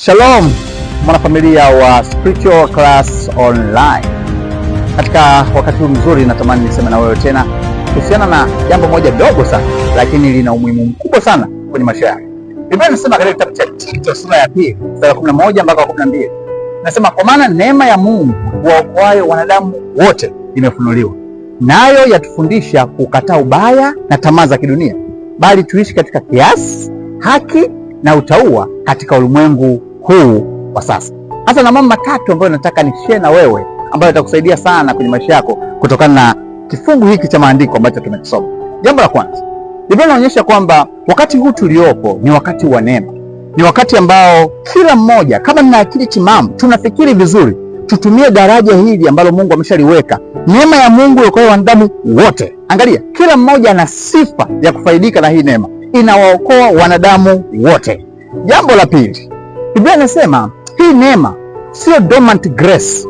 Shalom mwanafamilia wa Spiritual Class Online. Katika wakati huu mzuri, natamani niseme na wewe tena kuhusiana na jambo moja dogo sana, lakini lina umuhimu mkubwa sana kwenye maisha yako. Biblia inasema katika kitabu cha Tito sura ya pili 11 mpaka 12, nasema kwa maana neema ya Mungu waokoayo wanadamu wote imefunuliwa, nayo yatufundisha kukataa ubaya na tamaa za kidunia, bali tuishi katika kiasi, haki na utaua katika ulimwengu huu wa sasa. Hasa na mambo matatu ambayo nataka share na wewe ambayo itakusaidia sana kwenye maisha yako kutokana na kifungu hiki cha maandiko ambacho tumekisoma. Jambo la kwanza, Biblia inaonyesha kwamba wakati huu tuliopo ni wakati wa neema, ni wakati ambao kila mmoja kama nina akili timamu, tunafikiri vizuri, tutumie daraja hili ambalo Mungu ameshaliweka, neema ya Mungu kwa wanadamu wote. Angalia, kila mmoja ana sifa ya kufaidika na hii neema, inawaokoa wanadamu wote. Jambo la pili Biblia inasema hii neema sio dormant grace.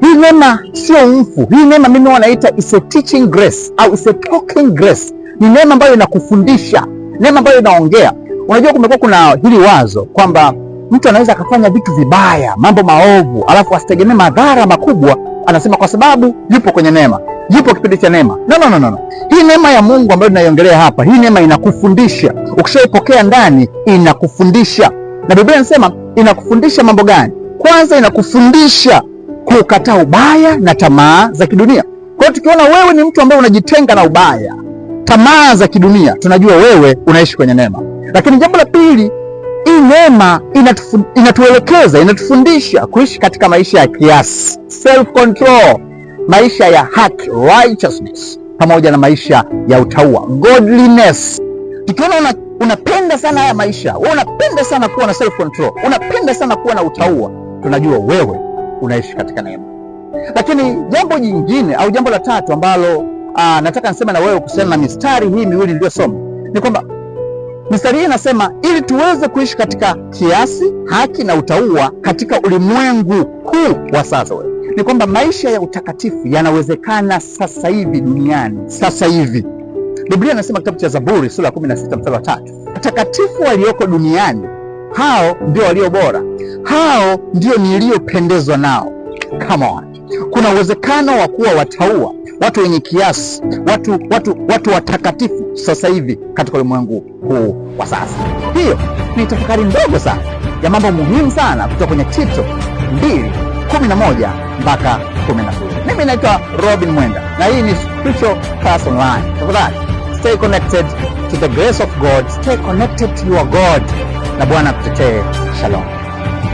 Hii neema sio mfu. Hii neema mimi wanaita is a teaching grace au is a talking grace. Ni neema ambayo inakufundisha, neema ambayo inaongea. Unajua, kumekuwa kuna hili wazo kwamba mtu anaweza akafanya vitu vibaya, mambo maovu, alafu asitegemee madhara makubwa. Anasema kwa sababu yupo kwenye neema, yupo kipindi cha neema. No, no, no, no. Hii neema ya Mungu ambayo tunaiongelea hapa, hii neema inakufundisha. Ukishaipokea ndani, inakufundisha na Biblia inasema inakufundisha mambo gani? Kwanza inakufundisha kukataa ubaya na tamaa za kidunia. Kwa hiyo tukiona wewe ni mtu ambaye unajitenga na ubaya, tamaa za kidunia, tunajua wewe unaishi kwenye neema. Lakini jambo la pili, hii neema inatuelekeza inatufundisha kuishi katika maisha ya kiasi, self control, maisha ya haki righteousness, pamoja na maisha ya utaua godliness. Tukiona una unapenda sana haya maisha, wewe unapenda sana kuwa na self control, unapenda sana kuwa na utaua, tunajua wewe unaishi katika neema. Lakini jambo jingine au jambo la tatu ambalo aa, ah, nataka niseme na wewe kuhusiana na mistari hii miwili niliyosoma ni kwamba mistari hii inasema ili tuweze kuishi katika kiasi, haki na utaua katika ulimwengu huu wa sasa. Wewe ni kwamba maisha ya utakatifu yanawezekana sasa hivi duniani, sasa hivi Biblia inasema kitabu cha Zaburi sura ya 16 mstari wa 3, watakatifu walioko duniani hao ndio walio bora, hao ndio niliyopendezwa nao. Come on. Kuna uwezekano wa kuwa wataua watu wenye kiasi, watu, watu, watu watakatifu sasa hivi katika ulimwengu huu wa sasa. Hiyo ni tafakari ndogo sana ya mambo muhimu sana kutoka kwenye Tito 2:11 mpaka 12. Mimi naitwa Robin Mwenda na hii ni Spiritual Class Online. Tafadhali stay connected to the grace of God, stay connected to your God, na Bwana kutetee. Shalom.